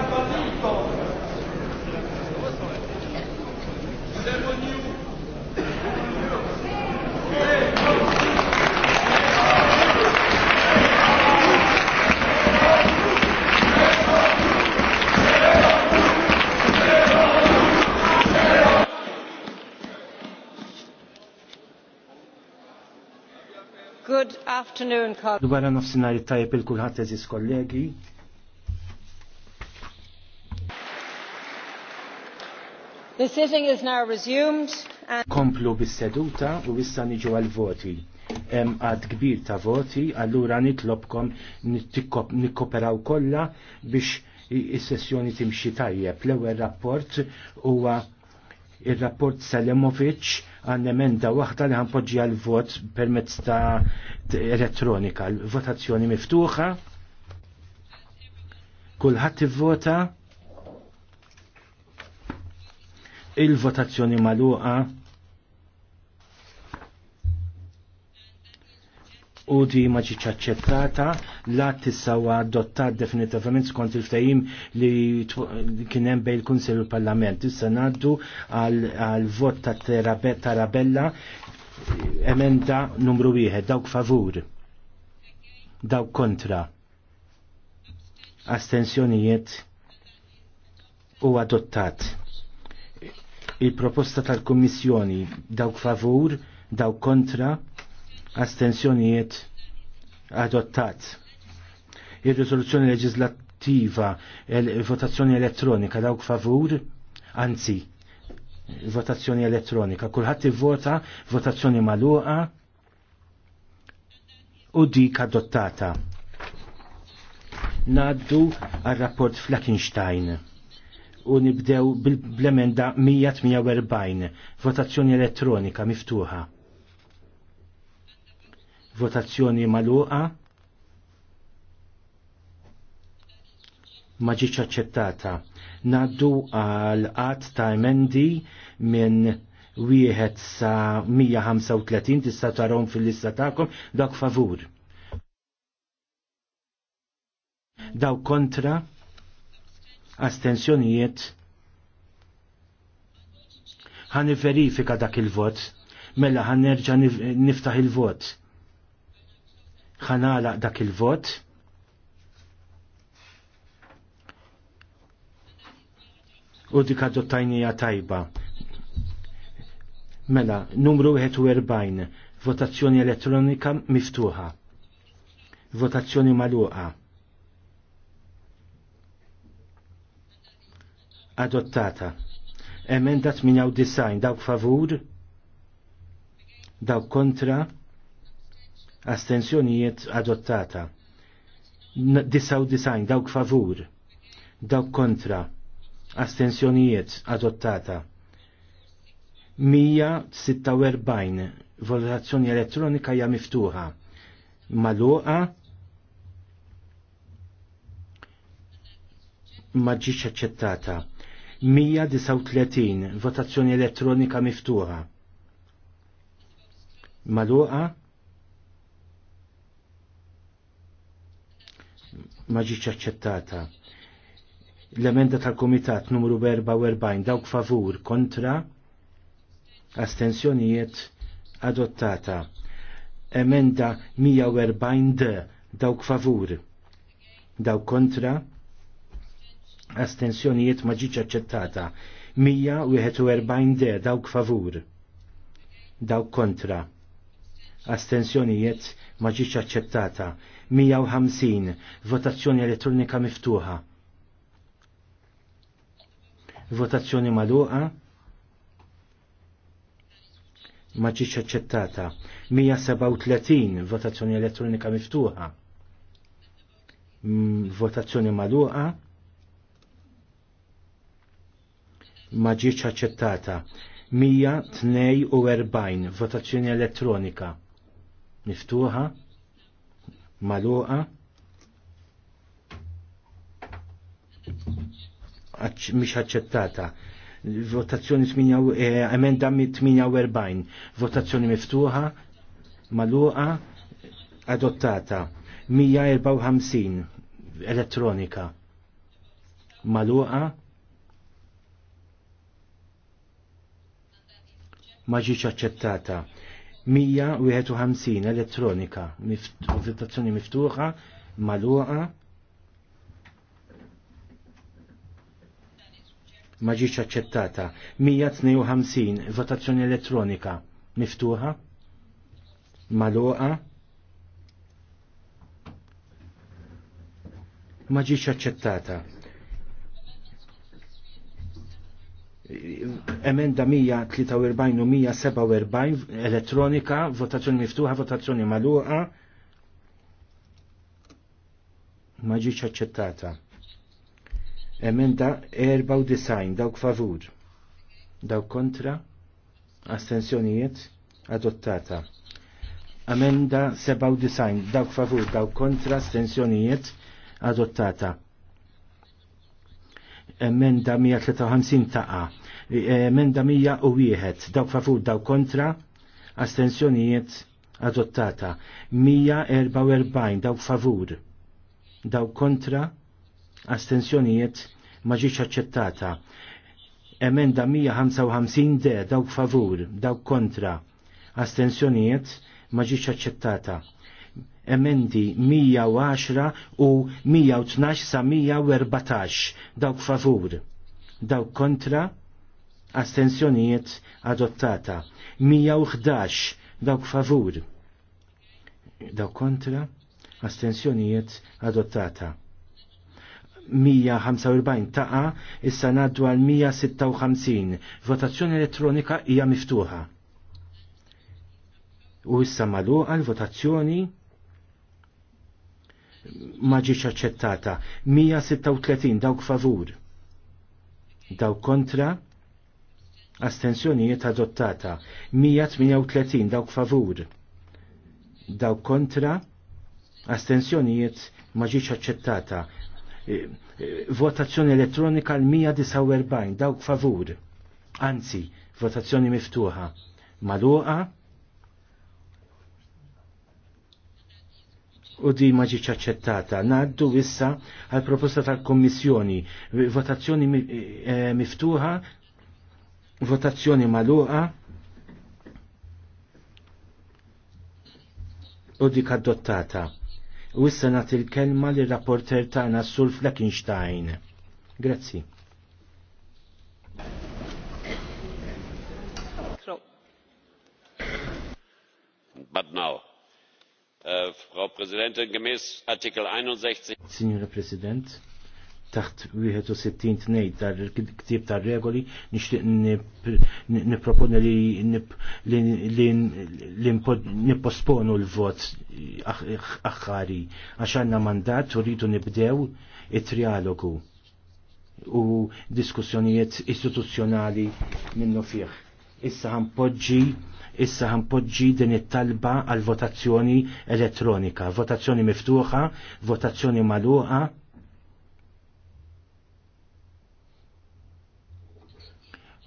Good afternoon, colleagues. Dwar nofsinhar tajjeb il kulħadd eżis kollegi. The sitting is now resumed. Komplu bis-seduta u issa niġu għal-voti. Hemm għad kbir ta' voti, allura nitlobkom nikkoperaw kollha biex is-sessjoni timxi tajjeb. L-ewwel rapport huwa il-rapport Salemovic għan emenda waħda li ħanpoġġi għal vot permezz ta' elettronika. Votazzjoni miftuħa. Kulħadd ivvota. il-votazzjoni maluqa u di ma ċaċċettata aċċettata la tissawa adottat definitivament skont il-ftajim li kienem bej il-Kunsel u parlament Issa naddu għal vot ta' Tarabella emenda numru wieħed dawk favur, dawk kontra, astensjonijiet u adottat il-proposta tal-Kommissjoni dawk favur, dawk kontra, astensjonijiet adottat. Ir-riżoluzzjoni leġislattiva, votazzjoni elettronika dawk favur, anzi, votazzjoni elettronika. Kulħadd ivvota votazzjoni magħluqa u dik adottata. Naddu għal rapport Flakenstein u nibdew bl-emenda 148. Votazzjoni elettronika miftuħa. Votazzjoni maluqa. ma ġiċ aċċettata. Naddu għal qatt ta' emendi minn wieħed sa 135 tista' tarom fil-lista tagħkom dak favur. Daw kontra astensjonijiet ħan verifika dak il-vot mela ħan nerġa niftaħ il-vot ħan dak il-vot u dik adottajnija tajba mela numru 41 votazzjoni elettronika miftuħa votazzjoni maluqa adottata. Emenda disajn, dawk favur, dawk kontra, astensjonijiet adottata. 99 dawk favur, dawk kontra, astensjonijiet adottata. 146 votazzjoni elettronika hija miftuħa. Maluqa ma ġiċ aċċettata. 139 votazzjoni elettronika miftuħa. Maluqa ma ġietx aċċettata. L-emenda tal-Komitat numru 44 dawk favur kontra astensjonijiet adottata. Emenda 140 d dawk favur dawk kontra astensjonijiet ma ġiċ aċċettata 141 de dawk favur dawk kontra astensjonijiet ma ġiċ aċċettata 150 votazzjoni elettronika miftuħa votazzjoni maluqa ma ġiċ aċċettata 137 votazzjoni elettronika miftuħa votazzjoni maluqa ma ġietx aċċettata. 142 votazzjoni elettronika. Miftuħa, maluqa, mhix aċċettata. Votazzjoni eh, emenda 48, votazzjoni miftuħa, maluqa, adottata. 154 elettronika. Maluqa, ma ġiċ aċċettata. 151 elettronika, votazzjoni miftuħa, maluqa, ma ġiċ aċċettata. 152 votazzjoni elettronika, miftuħa, maluqa, ma ġiċ aċċettata. emenda 143 u 147 elettronika, votazzjoni miftuħa, votazzjoni maluqa, ma ġiċ aċċettata. Emenda 94, dawk favur, dawk kontra, astensjonijiet, adottata. Emenda 97, dawk favur, dawk kontra, astensjonijiet, adottata emenda 153 taqa, emenda 101, dawk favur, daw kontra, astensjonijiet adottata, 144, dawk favur, dawk kontra, astensjonijiet maġiċ aċċettata, emenda 155 de, dawk favur, dawk kontra, astensjonijiet maġiċ aċċettata, emendi 110 u 112 sa 114 dawk favur, dawk kontra astensjonijiet adottata. 111 dawk favur, dawk kontra astensjonijiet adottata. 145 taqa issa naddu għal 156. Votazzjoni elettronika hija miftuħa. U issa malu għal votazzjoni ma aċċettata. 136 dawk favur, dawk kontra, astensjonijiet adottata. 138 dawk favur, dawk kontra, astensjonijiet ma aċċettata. E, e, votazzjoni elettronika l-149 dawk favur, anzi, votazzjoni miftuħa. Maluqa, u di ma ġiċ aċċettata. Naddu issa għal proposta tal-Kommissjoni, votazzjoni eh, eh, miftuħa, votazzjoni maluqa u dik adottata. U issa nagħti il-kelma li rapporter tagħna Sul Fleckenstein. Grazzi. But Äh, Frau Präsidentin, gemäß Artikel 61. Signora President, taħt 61-2 dar il-ktib tar regoli nixtieq nipproponi li nipposponu l-vot aħħari għax għandna mandat u rridu nibdew it-trialogu u diskussjonijiet istituzzjonali minnu fih issa podġi issa podġi din it-talba għal votazzjoni elettronika, votazzjoni miftuħa, votazzjoni magħluqa.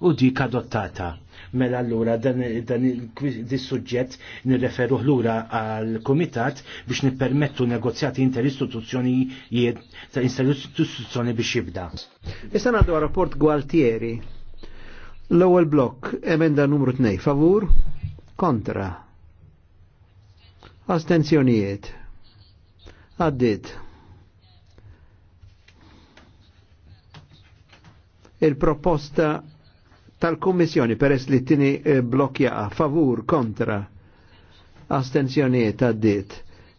U dik adottata. Mela allura dan, dan il-suġġett nirreferuh lura għal komitat biex nippermettu negozjati interistituzzjonijiet ta' l-istituzzjoni biex jibda. Issa għandu rapport Gualtieri L-ewwel blokk, emenda numru 2, favur, kontra. Astenzjonijiet. Għaddit. Il-proposta tal kummissjoni peress li tini eh, blokja favur, kontra. Astenzjonijiet għaddit.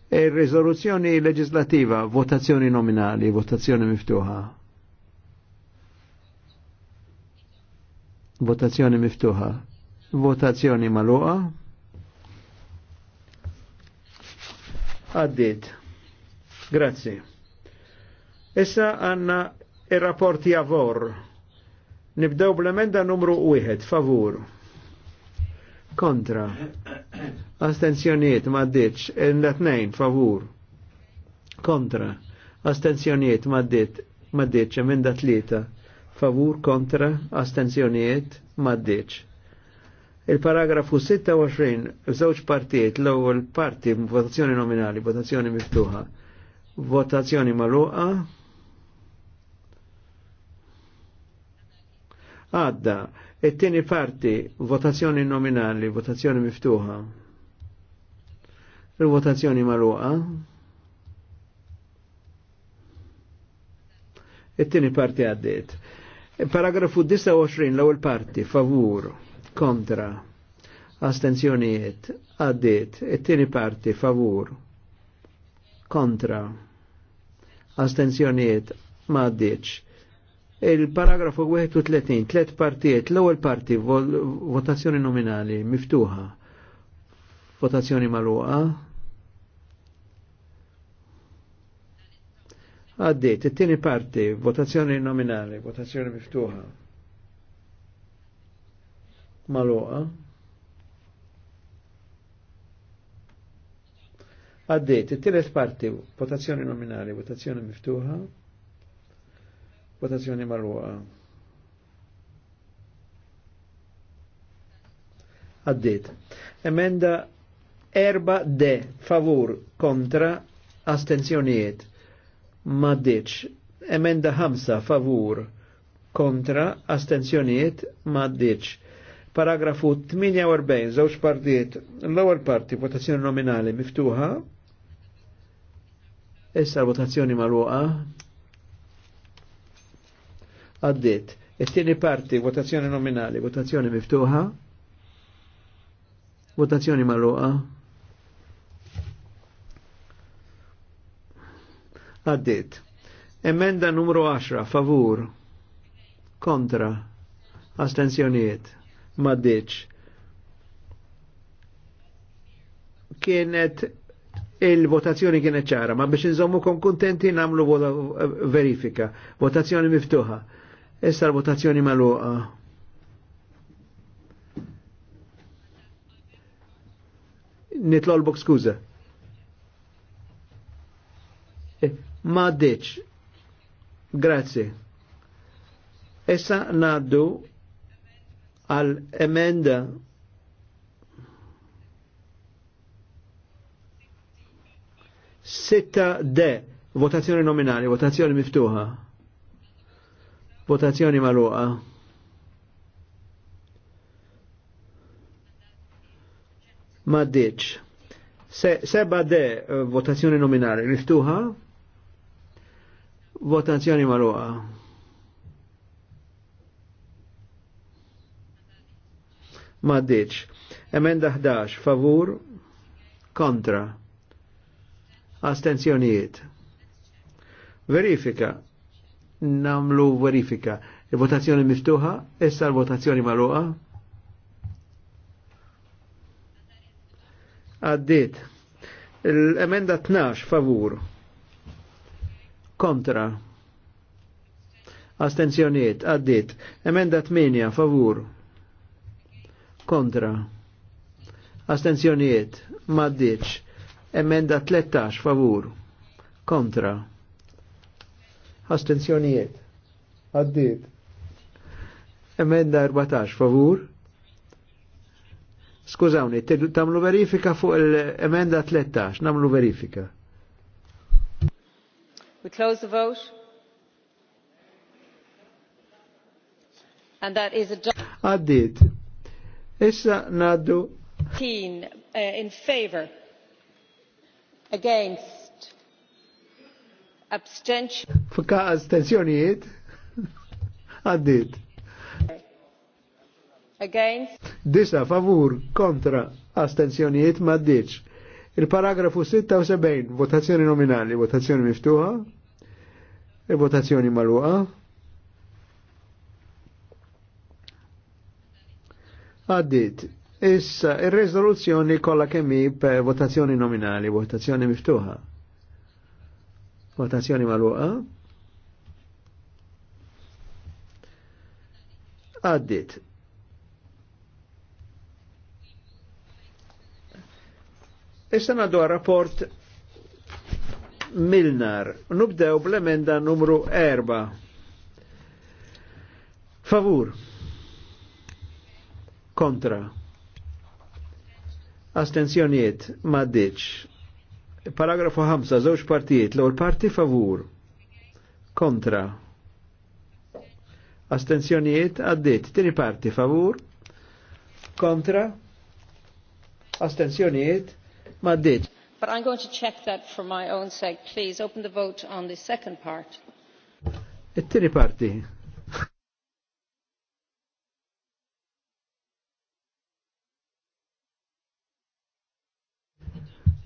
E il rezoluzzjoni leġislativa, votazzjoni nominali, votazzjoni miftuħa. Votazzjoni miftuħa. Votazzjoni maluqa. Għaddit. Grazzi. Issa għanna il-rapport javor. Nibdew bl-emenda numru 1, favur. Kontra. Astenzjoniet, maddiċ. Il-natnejn, favur. Kontra. Astenzjoniet, maddiċ. Maddiċ, emenda tlieta favur kontra astenzjonijiet maddiċ. Il-paragrafu 26, żewġ partijiet, l-ewwel parti votazzjoni nominali, votazzjoni miftuħa, votazzjoni maluqa, għadda, it-tieni parti votazzjoni nominali, votazzjoni miftuħa, il-votazzjoni maluqa, it-tieni parti għaddiet. Paragrafu 29, l-ewwel parti, favur, kontra, astenzjonijiet, għaddiet, it-tieni parti, favur, kontra, astenzjonijiet, ma għaddietx. Il-paragrafu 31, tlet partijiet, l-ewwel parti, votazzjoni nominali, miftuħa, votazzjoni maluqa, Għaddit, it-tieni parti, votazzjoni nominali, votazzjoni miftuħa. Maluqa. Għaddit, it-tielet parti, votazzjoni nominali, votazzjoni miftuħa, votazzjoni maluqa. Għaddit. Emenda erba' de. favur, kontra, astenzjonijiet maddiċ. Emenda ħamsa favur kontra astenzjoniet maddiċ. Paragrafu 48, żewġ partijiet, l-ewwel parti votazzjoni nominali miftuħa. Issa votazzjoni magħluqa. Għaddit. It-tieni parti votazzjoni nominali, votazzjoni miftuħa. Votazzjoni magħluqa. Għaddit. Emenda numru 10, favur. Kontra. Astenzjoniet. Maddiċ. Kienet il-votazzjoni kienet ċara, ma biex nżommu kon kontenti namlu eh, verifika. Votazzjoni miftuħa. Issa l-votazzjoni maluqa. Nitlolbok skuza. Eh, ma deċ. Grazie. Essa naddu għal emenda sitta d votazzjoni nominali, votazzjoni miftuħa, votazzjoni maluqa. Ma deċ. Se, seba de eh, votazzjoni nominali, miftuħa, Votazzjoni marruqa. Maddiċ. Emenda 11, favur, kontra. Astenzjonijiet. Verifika. Namlu verifika. Il-votazzjoni miftuħa, issa l-votazzjoni marruqa. Għaddit. L-emenda 12, favur, kontra astenzjoniet għaddit emenda 8 favur kontra astenzjoniet maddiċ emenda 13 favur kontra astenzjoniet għaddit emenda 14 favur Skużawni, tamlu verifika fuq l-emenda 13, namlu verifika we close the vote and that is adopted issa Nadu. Keen uh, in favor against abstention fuqa astensjonijiet għaddit against disa favur Contra astensjonijiet ma Il-paragrafu 76, votazzjoni nominali, votazzjoni miftuħa, e votazzjoni maluqa. Għaddit, issa il-rezoluzzjoni kolla kemmi per votazzjoni nominali, votazzjoni miftuħa. Votazzjoni maluqa. Għaddit, Issa e għandu rapport Milnar. Nubdew bl-emenda numru 4. Favur. Kontra. Astenzjoniet maddiċ. Paragrafu 5, żewġ partijiet, l parti favur. Kontra. Astenzjonijiet għaddit, tieni parti favur. Kontra. Astenzjonijiet ma But I'm going to check that for my own sake. Please open the vote on the second part. It-tiri e parti.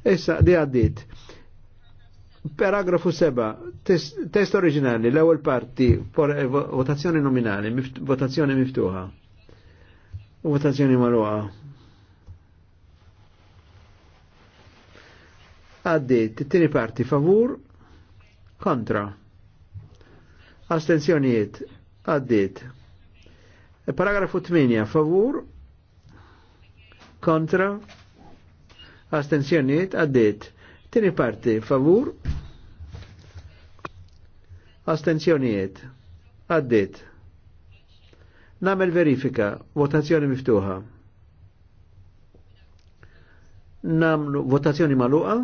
Issa, di għaddit. Paragrafu 7, test, test oriġinali, l-ewwel parti, eh, votazzjoni nominali, votazzjoni miftuħa. Votazzjoni maluħa. għaddit, tini parti favur, kontra. Astenzjonijiet, għaddit. Paragrafu 8, favur, kontra, astenzjonijiet, għaddit. Tini parti favur, astenzjonijiet, għaddit. Namel verifika, votazzjoni miftuħa namlu votazzjoni maluqa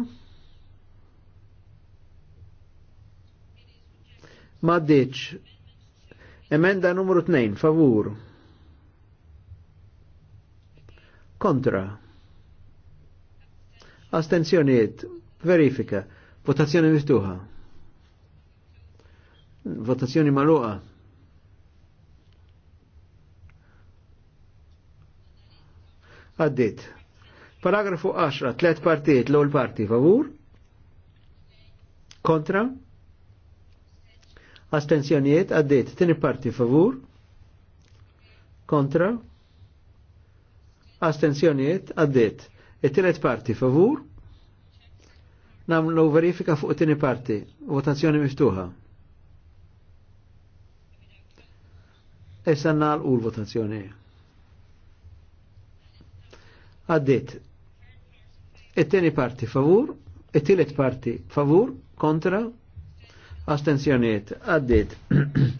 Maddiċ. Emenda numru 2, favur. Kontra. Astenzjoniet. Verifika. Votazzjoni miftuħa. Votazzjoni maluqa. Għaddit. Paragrafu 10, tlet partijiet, l-ewwel parti favur. Kontra astenzjonijiet għaddejt Tini parti favur, kontra, astenzjonijiet għaddejt It-tielet e parti favur, namlu verifika fuq tini parti, votazzjoni miftuħa. Issa nal u l-votazzjoni. Għaddit. It-tini e parti favur, it e tilet parti favur, kontra, astenzjoniet għaddit.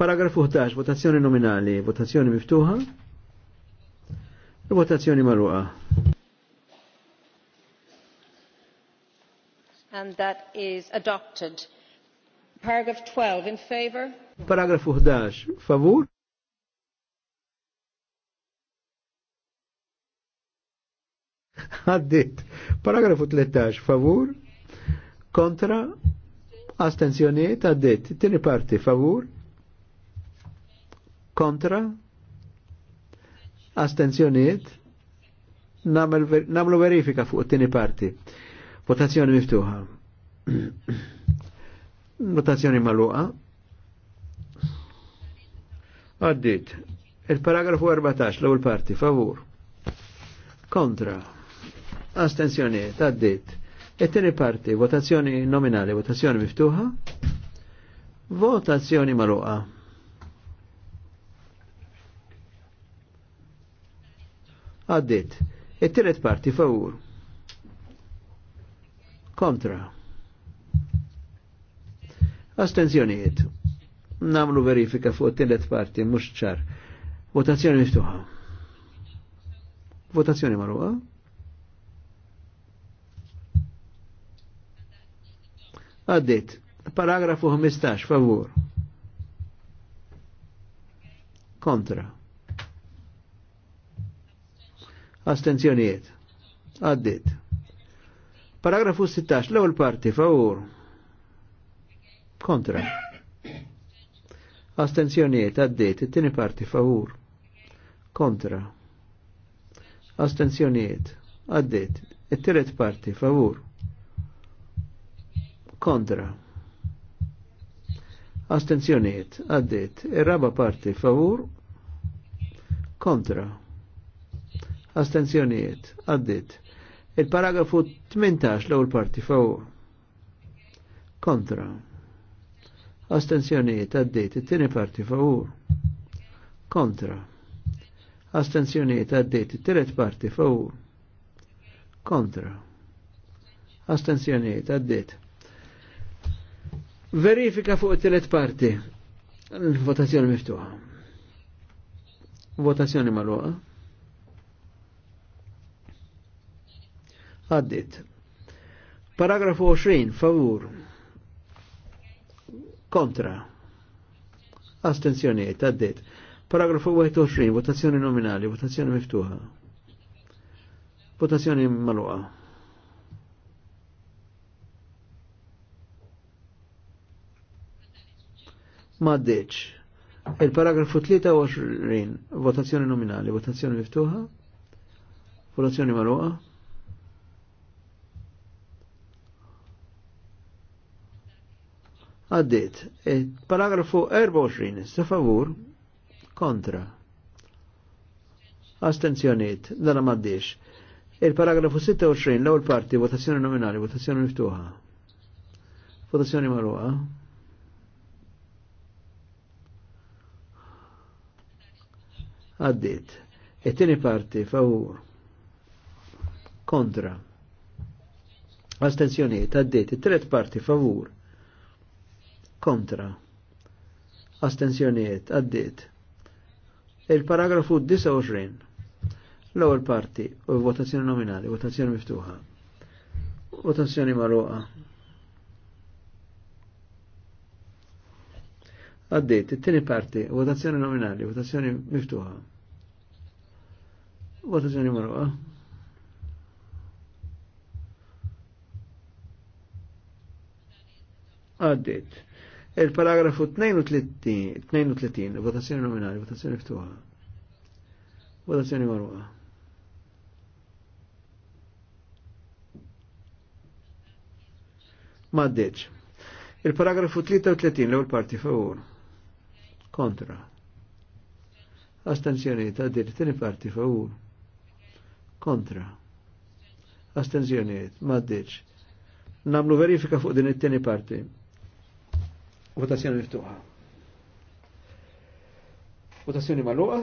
Paragrafu 11, votazzjoni nominali, votazzjoni miftuħa, votazzjoni marruqa. And that is adopted. Paragraph 12, in favor? Paragrafu 11, favur? Għaddit. Paragrafu 13, favur? Kontra? astenzjoniet għaddit. Tini parti favur, kontra, astenzjoniet, namlu verifika fuq tini parti. Votazzjoni miftuħa. Votazzjoni maluqa. Għaddit. Il-paragrafu 14, l-ewwel parti, favur. Kontra. Astenzjoniet, għaddit it-tieni e parti, votazzjoni nominali, votazzjoni miftuħa, votazzjoni maluqa. Għaddit, it-tielet e parti favur. Kontra. Astenzjonijiet. Namlu verifika fuq it-tielet parti, mhux ċar. Votazzjoni miftuħa. Votazzjoni maluqa. Għaddit. Paragrafu 15, favur. Kontra. Astenzjonijiet. Għaddit. Paragrafu 16, l-ewwel parti, favur. Kontra. Astenzjonijiet, għaddit. It-tieni parti, favur. Kontra. Astenzjonijiet, għaddit. It-tielet parti, favur kontra. Astenzjoniet, għaddit, ir-raba parti favur, kontra. Astenzjoniet, għaddit. Il-paragrafu 18 l-ewwel parti favur. Kontra. Astenzjoniet, għaddit, it-tieni parti favur. Kontra. Astenzjoniet, għaddit, it-tielet parti favur. Kontra. Astenzjoniet, għaddit. Verifika fuq it-tielet parti. Votazzjoni miftuħa. Votazzjoni magħluqa. Għaddit. Paragrafu 20, favur. Kontra. Astenzjoni, għaddit. Paragrafu 21, votazzjoni nominali, votazzjoni miftuħa. Votazzjoni magħluqa. maddeċ. Il-paragrafu 23, votazzjoni nominali, votazzjoni miftuħa, votazzjoni marruqa. Għaddit, paragrafu 24, sa favur, kontra. Astenzjoniet, dana maddeċ. Il-paragrafu 26, l-ewwel parti, votazzjoni nominali, votazzjoni miftuħa. Votazzjoni marruqa. għaddit. It-tieni parti favur kontra. Astenzjoniet għaddit. It-tret parti favur kontra. Astenzjoniet għaddit. Il-paragrafu 29. L-ewwel parti u votazzjoni nominali, votazzjoni miftuħa. Votazzjoni magħluqa. Għaddit, it-tieni parti, votazzjoni nominali, votazzjoni miftuħa. Votazzjoni marwa. Għaddit. Il-paragrafu 32, votazzjoni nominali, votazzjoni ftuħa. Votazzjoni marwa. Maddeċ. Il-paragrafu 33, l għol parti favur. Kontra. Astenzjoni ta' dir, tini parti favur kontra. Astenzjoniet, maddiċ. Namlu verifika fuq din it-tieni parti. Votazzjoni miftuħa. Votazzjoni maluqa.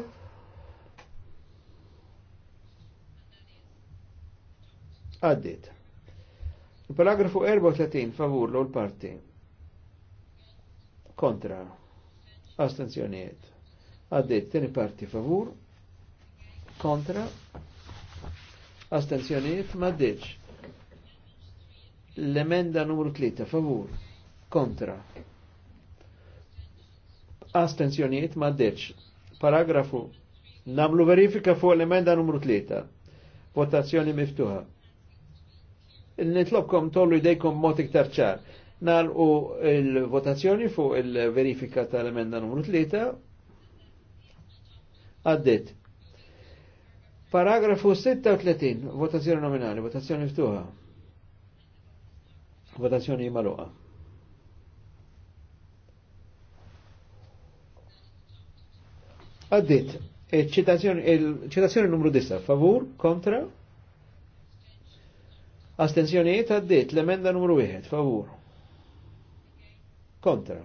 Għaddit. Paragrafu 34 favur l parti. Kontra. Astenzjoniet. Għaddit, tieni parti favur. Kontra astenzjoniet ma ddiċ. L-emenda numru 3, favur, kontra. Astenzjoniet ma ddiċ. Paragrafu, namlu verifika fuq l-emenda numru 3, votazzjoni miftuħa. Nitlobkom tollu idejkom mod iktar ċar. Nalqu il-votazzjoni fuq il-verifika tal-emenda numru 3, għaddit. Paragrafu 36, votazzjoni nominali, votazzjoni ftuħa. Votazzjoni maluqa. Għaddit, il-ċitazzjoni e e numru 10, favur, kontra, astenzjonijiet għaddit, l-emenda numru 1, favur, kontra.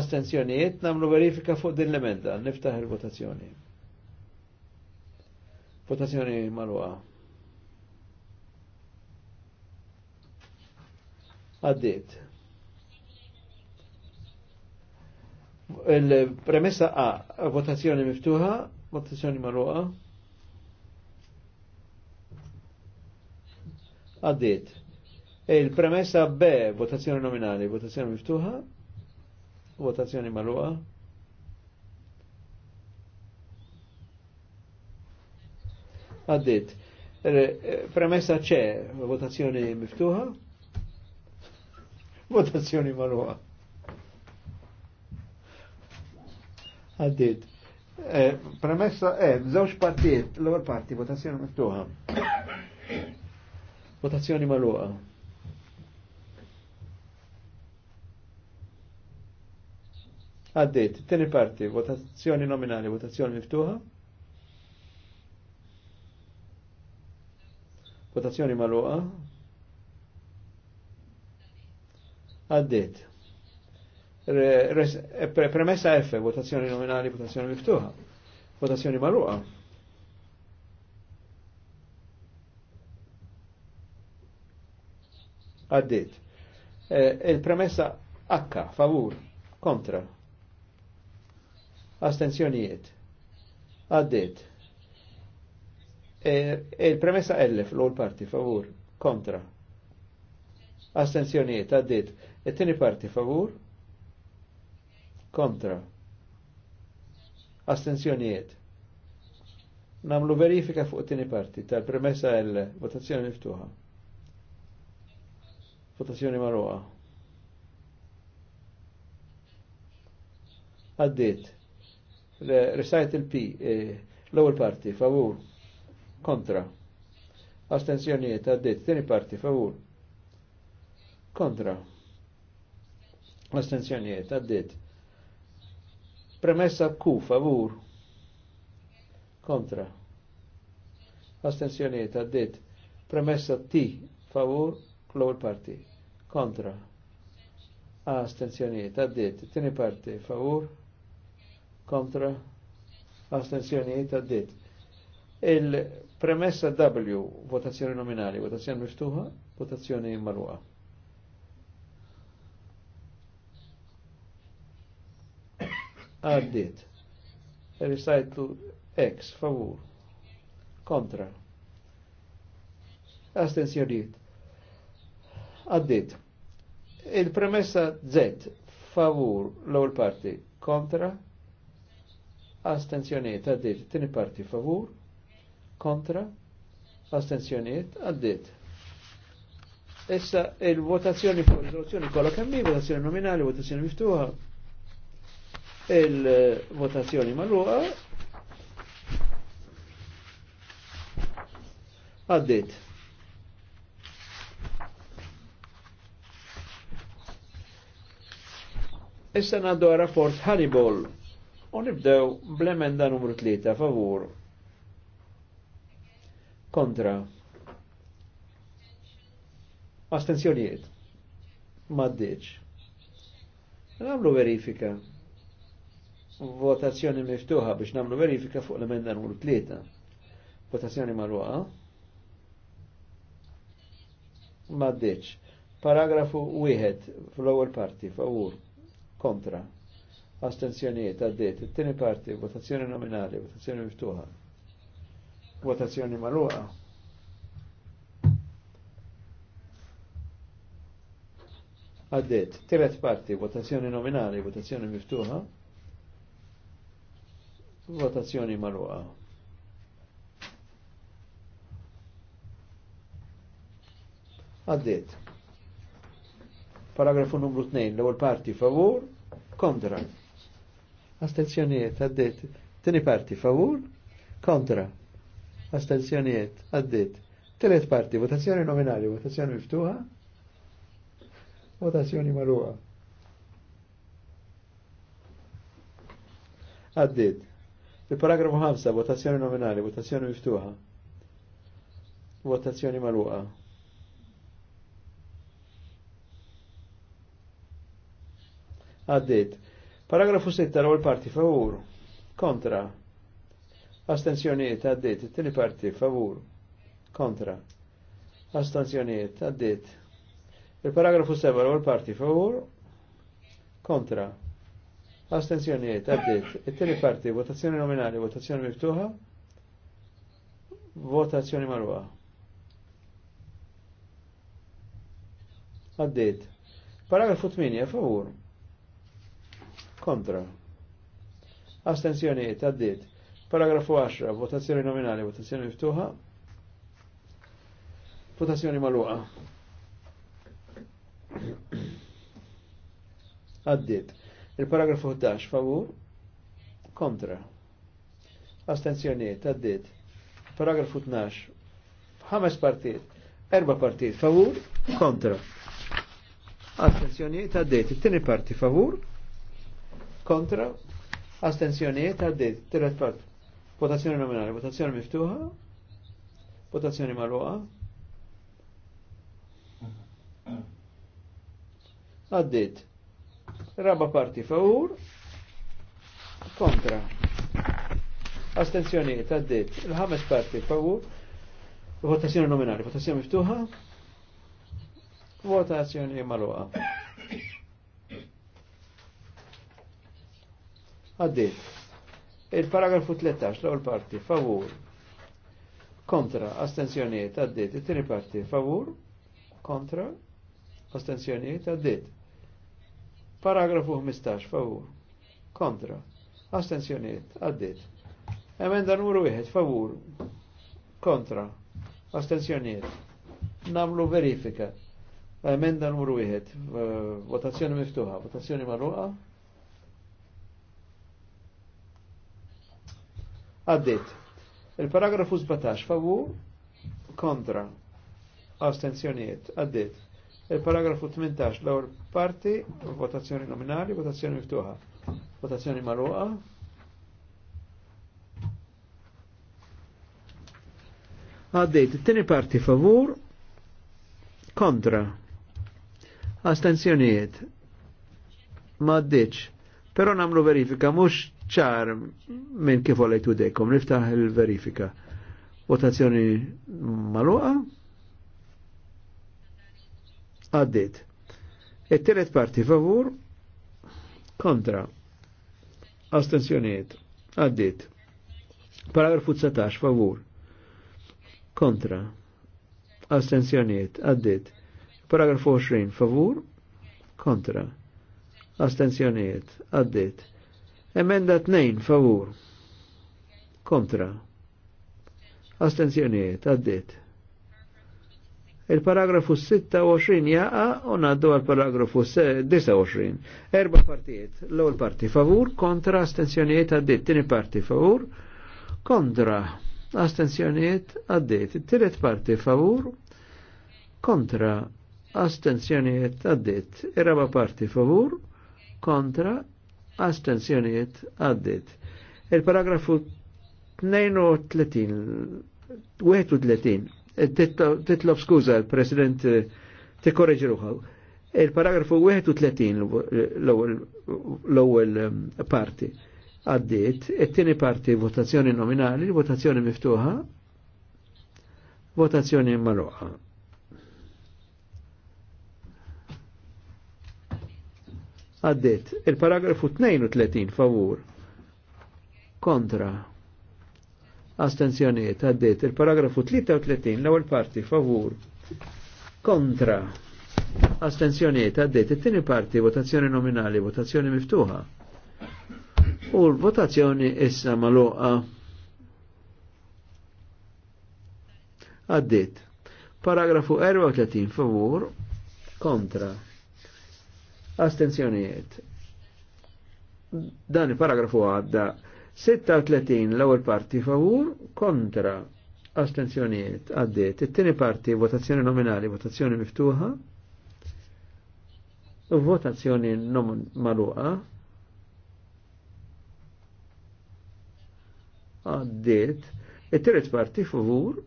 Astenzjonijiet namlu verifika fuq din l-emenda, niftaħ il-votazzjoni. Votazzjoni marwa. Għaddit. Il-premessa A, votazzjoni miftuħa, votazzjoni marwa. Għaddit. Il-premessa B, votazzjoni nominali, votazzjoni miftuħa, votazzjoni marwa. għaddit. Eh, premessa ċe, votazzjoni miftuħa? Votazzjoni marruħa. Għaddit. Eh, premessa eh, zawx partijiet, l-ewwel parti, votazzjoni miftuħa. Votazzjoni marruħa. Għaddit, t-tini parti, votazzjoni nominali, votazzjoni miftuħa. Votazzjoni maluqa. Għaddit. Eh, premessa F, votazzjoni nominali, votazzjoni miftuħa. Votazzjoni maluqa. Għaddit. Eh, il-premessa H, favur, kontra. Astenzjonijiet. Għaddit. E, il-premessa L għol parti favur, kontra. Astenzjoniet, għaddit. Il-tini parti favur, kontra. Astenzjoniet. Namlu verifika fuq tini parti tal-premessa L, votazzjoni miftuħa. Votazzjoni marruħa. Għaddit. Recital P, e, l-ewwel parti, favur, kontra. Astenzjonijiet għaddit, tieni parti favur. Kontra. Astenzjonijiet għaddit. Premessa Q favur. Kontra. Astenzjonijiet għaddit. Premessa T favur l parti. Kontra. Astenzjonijiet għaddit. Tieni parti favur. Kontra. Astenzjonijiet għaddit. Il Premessa W, votazzjoni nominali, votazzjoni miftuħa, votazzjoni marwa. Għaddit. Recital X, favur. Kontra. Astenzjoniet. Għaddit. Il-premessa Z, favur, l-ewwel parti, kontra. Astenzjoniet, għaddit. Tini parti, favur kontra, astenzjoniet, għaddit. Issa il-votazzjoni fuq il-votazzjoni kolla kemmi, votazzjoni nominali, votazzjoni miftuħa. Il-votazzjoni maluqa. għaddit. Issa għandu għara Hannibal u nibdew bl-emenda numru 3 favur kontra astenzjonijiet maddiċ namlu verifika votazzjoni miftuħa biex namlu verifika fuq l-emenda numru 3 votazzjoni marwa maddiċ paragrafu 1 fl-ewwel parti favur kontra astenzjonijiet għaddiet it-tieni parti votazzjoni nominali votazzjoni miftuħa Votazzjoni maluqa. Għaddit, tret parti, votazzjoni nominali, votazzjoni miftuħa. Votazzjoni maluqa. Għaddit. Paragrafu numru 2, l-ewwel parti favur, kontra. Astenzjonijiet, għaddit. Tini parti favur, kontra astenzjonijiet, għaddit. Telet parti, votazzjoni nominali, votazzjoni miftuħa, votazzjoni marruħa. Għaddit. Il-paragrafu 5, votazzjoni nominali, votazzjoni miftuħa, votazzjoni marruħa. Għaddit. Paragrafu 6, l-ewwel parti, favur, kontra, Astenzjoniet għaddit, it-tini parti favur kontra. Astenzjoniet għaddit. Il-paragrafu 7 l parti favur kontra. Astenzjoniet għaddit, it-tini parti votazzjoni nominali, votazzjoni miftuħa, votazzjoni marwa. Għaddit. Paragrafu 8 favur kontra. Astenzjoniet għaddit. Paragrafu 10, votazzjoni nominali, votazzjoni miftuħa. Votazzjoni maluqa. Għaddit. Il-paragrafu 11, favur. Kontra. Astenzjoniet, għaddit. Paragrafu 12, ħames partijiet, erba partijiet, favur, kontra. Astenzjoniet, għaddit. Il-tini parti, favur, kontra. Astenzjoniet, għaddit. Tiret parti, Votazzjoni nominali, votazzjoni miftuħa, votazzjoni marruqa. Għaddit. Raba parti favur, kontra. Astenzjoniet, għaddit. Il-ħames parti favur, votazzjoni nominali, votazzjoni miftuħa, votazzjoni marruqa. Għaddit. Il-paragrafu 13, l-ewwel parti, favur. Kontra, astensjonijiet, għaddit. It-tieni parti, favur. Kontra, astensjonijiet, għaddit. Paragrafu 15, favur. Kontra, astensjonijiet, għaddit. Emenda numru 1, favur. Kontra, astensjonijiet. Namlu verifika. Emenda numru 1, votazzjoni miftuħa, votazzjoni marruqa. Għaddit. Il-paragrafu 17 favu kontra astenzjoniet. Għaddit. Il-paragrafu 18 l-ewwel parti votazzjoni nominali, votazzjoni miftuħa. Votazzjoni marruqa. Għaddit, it-tieni parti favur kontra astenzjoniet ma għaddit. Pero namlu verifika, mux ċar minn kif u dejkom, niftaħ il-verifika. Votazzjoni maluqa? Għaddit. Il-teret parti favur? Kontra. Astenzjoniet. Għaddit. Paragrafu 17 favur. Kontra. Astenzjoniet. Għaddit. Paragrafu 20 favur? Kontra. Astenzjoniet. Għaddit. Emenda 2 favur. Kontra. Astenzjoniet, għaddit. Il-paragrafu 26 jaqa u naddu għal-paragrafu 29. Erba partijiet. L-ewwel parti favur, kontra, astenzjoniet għaddit. Tini parti favur, kontra, astenzjoniet għaddit. Tiret parti favur, kontra, astenzjoniet għaddit. Erba parti favur, kontra, astenzjoniet għaddit. Il-paragrafu 32, 31, titlob skuza il-President eh, t-korreġi ruħaw. Il-paragrafu 31 l-ewwel eh, parti għaddit, it-tieni parti votazzjoni nominali, votazzjoni miftuħa, votazzjoni maluqa. għaddit. Il-paragrafu 32 favur kontra astenzjoniet għaddit. Il-paragrafu 33 l-ewwel parti favur kontra astenzjoniet għaddit. It-tieni parti votazzjoni nominali, votazzjoni miftuħa. U l-votazzjoni issa maluqa għaddit. Paragrafu 34 favur kontra astenzjonijiet. Dan il-paragrafu għadda 36 l-ewwel parti favur kontra astenzjonijiet għaddiet. It-tieni parti votazzjoni nominali, votazzjoni miftuħa, votazzjoni maluqa, għaddiet, it-tiret parti favur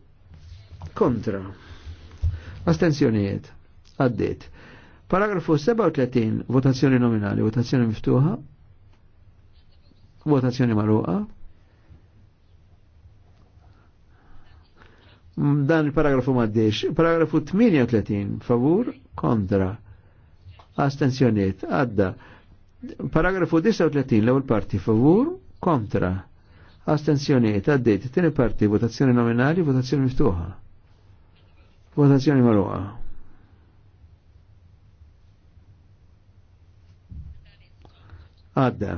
kontra astenzjonijiet għaddiet. Paragrafu 37, votazzjoni nominali, votazzjoni miftuħa, votazzjoni marruqa. Dan il-paragrafu maddex. Paragrafu 38, favur, kontra, astenzjoniet, għadda. Paragrafu 39, l-ewel parti, favur, kontra, astenzjoniet, għaddit. Tieni parti, votazzjoni nominali, votazzjoni miftuħa. Votazzjoni marruqa. Għadda.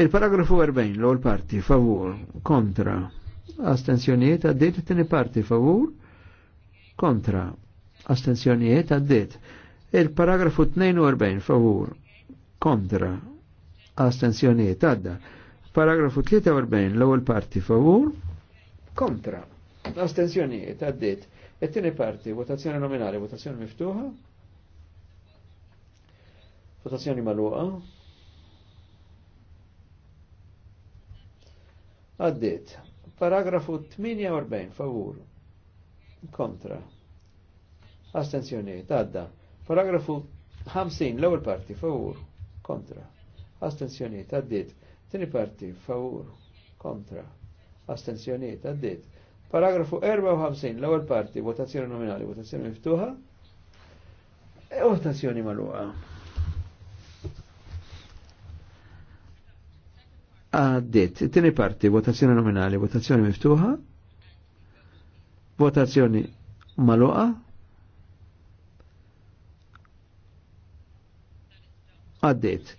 Il-paragrafu 40, l għol parti, favur, kontra. Astenzjoniet għaddit, tini parti, favur, kontra. Astenzjoniet għaddit. Il-paragrafu 42, favur, kontra. Astenzjoniet għadda. Paragrafu 43, l għol parti, favur, kontra. Astenzjoniet għaddit. Il-tini parti, votazzjoni nominali, votazzjoni miftuħa. Votazzjoni maluqa. Għaddit. Paragrafu 48, favur. Kontra. Astenzjoniet, għadda. Paragrafu 50, l-ewwel parti, favur. Kontra. Astenzjoniet, għaddit. Tini parti, favur. Kontra. Astenzjoniet, għaddit. Paragrafu 54, l-ewwel parti, votazzjoni nominali, votazzjoni miftuħa. E votazzjoni maluqa. għaddit. Tini parti, votazzjoni nominali, votazzjoni miftuħa, votazzjoni maluqa, għaddit.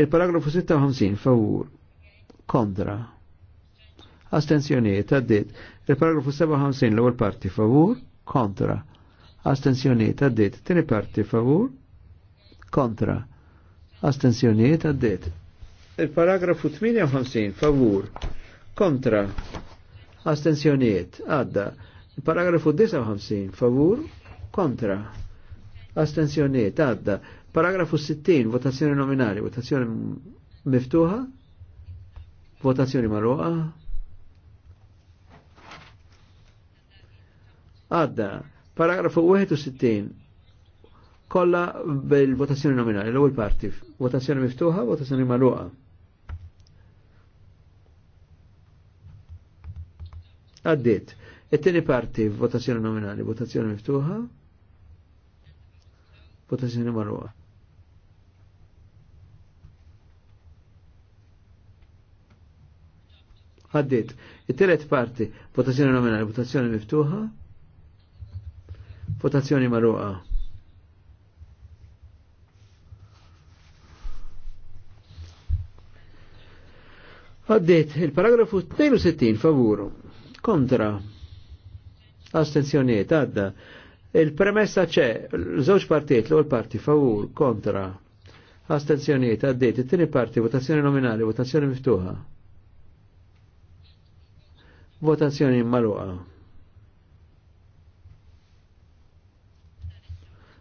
Il-paragrafu 56, favur, kontra, astenzjoniet, għaddit. Il-paragrafu 57, l-ewwel parti, favur, kontra, astenzjoniet, għaddit. Tini parti, favur, kontra, astenzjoniet, għaddit. Il-paragrafu 58 favur kontra astensjoniet għadda. Il-paragrafu 59 favur kontra astensjoniet għadda. Paragrafu 60 votazzjoni nominali, votazzjoni miftuħa, votazzjoni marruqa. Għadda. Paragrafu 61 kolla bil-votazzjoni nominali, l-ewwel parti, votazzjoni miftuħa, votazzjoni magħluqa. Għaddit. It-tieni parti votazzjoni nominali, votazzjoni miftuħa, votazzjoni marwa. Għaddit. It-tielet parti votazzjoni nominali, votazzjoni miftuħa, votazzjoni marwa. Għaddit il-paragrafu 62 favuru kontra astenzjoniet għadda il-premessa ċe żewġ partijiet l-ewwel parti favur kontra astenzjoniet għaddiet it-tieni parti votazzjoni nominali votazzjoni miftuħa votazzjoni maluqa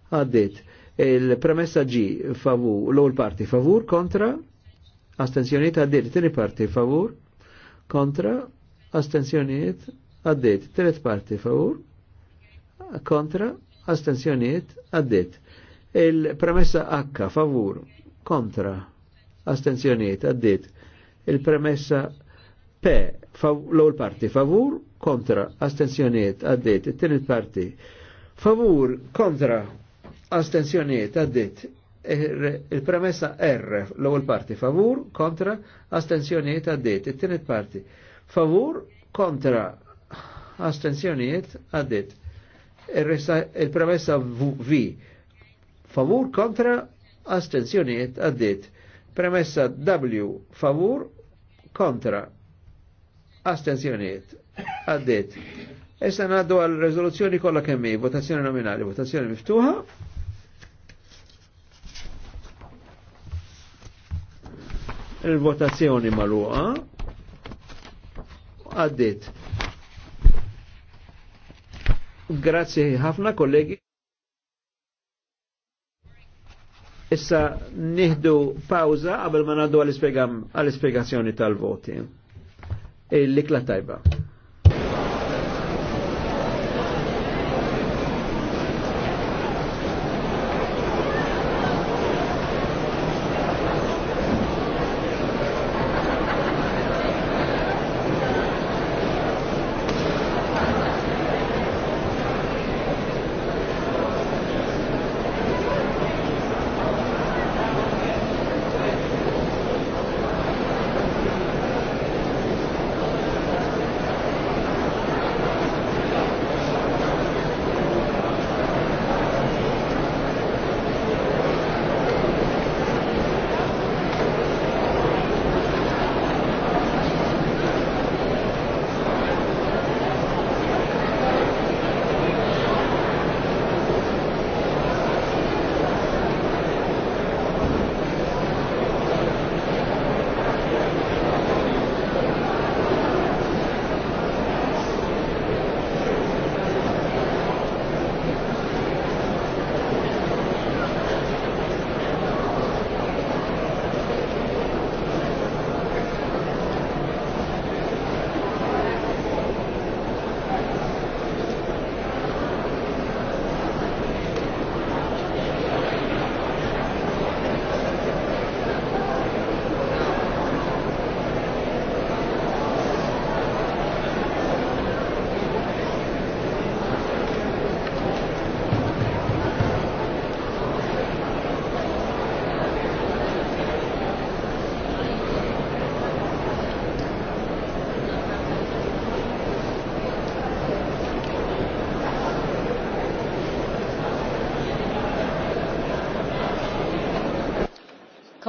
għaddit il-premessa ġi favur, l-ewwel parti favur kontra, astenzjoniet għaddit it tini parti favur kontra, astensjoniet, għaddit. Tret parti favur, kontra, astensjoniet, għaddit. Il-premessa H favur, kontra, astensjoniet, għaddit. Il-premessa P, l għol parti favur, kontra, astensjoniet, għaddit. tret parti favur, kontra, astensjoniet, għaddit. Il-premessa R, l għol parti favur, kontra, astensjoniet, għaddit. It-tielet parti Favur kontra astenzjonijiet għaddit. Il-premessa V. Favur kontra astenzjonijiet għaddit. Premessa W. Favur kontra astenzjonijiet għaddit. Issa naddu għal rezoluzzjoni kollha kemm votazzjoni nominali, votazzjoni miftuħa. il-votazzjoni marruqa għaddit. Grazie ħafna kollegi. Issa nieħdu pawza qabel ma ngħaddu għall-ispjegazzjoni tal-voti. Il-likla tajba.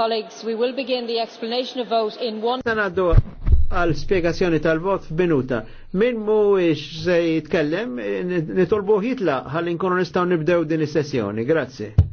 colleagues, we will begin the explanation of vote in one... għal spiegazzjoni tal-vot f'minuta. Min mu ix se jitkellem, nitolbu hitla għal inkunu nistaw nibdew din is-sessjoni. Grazie.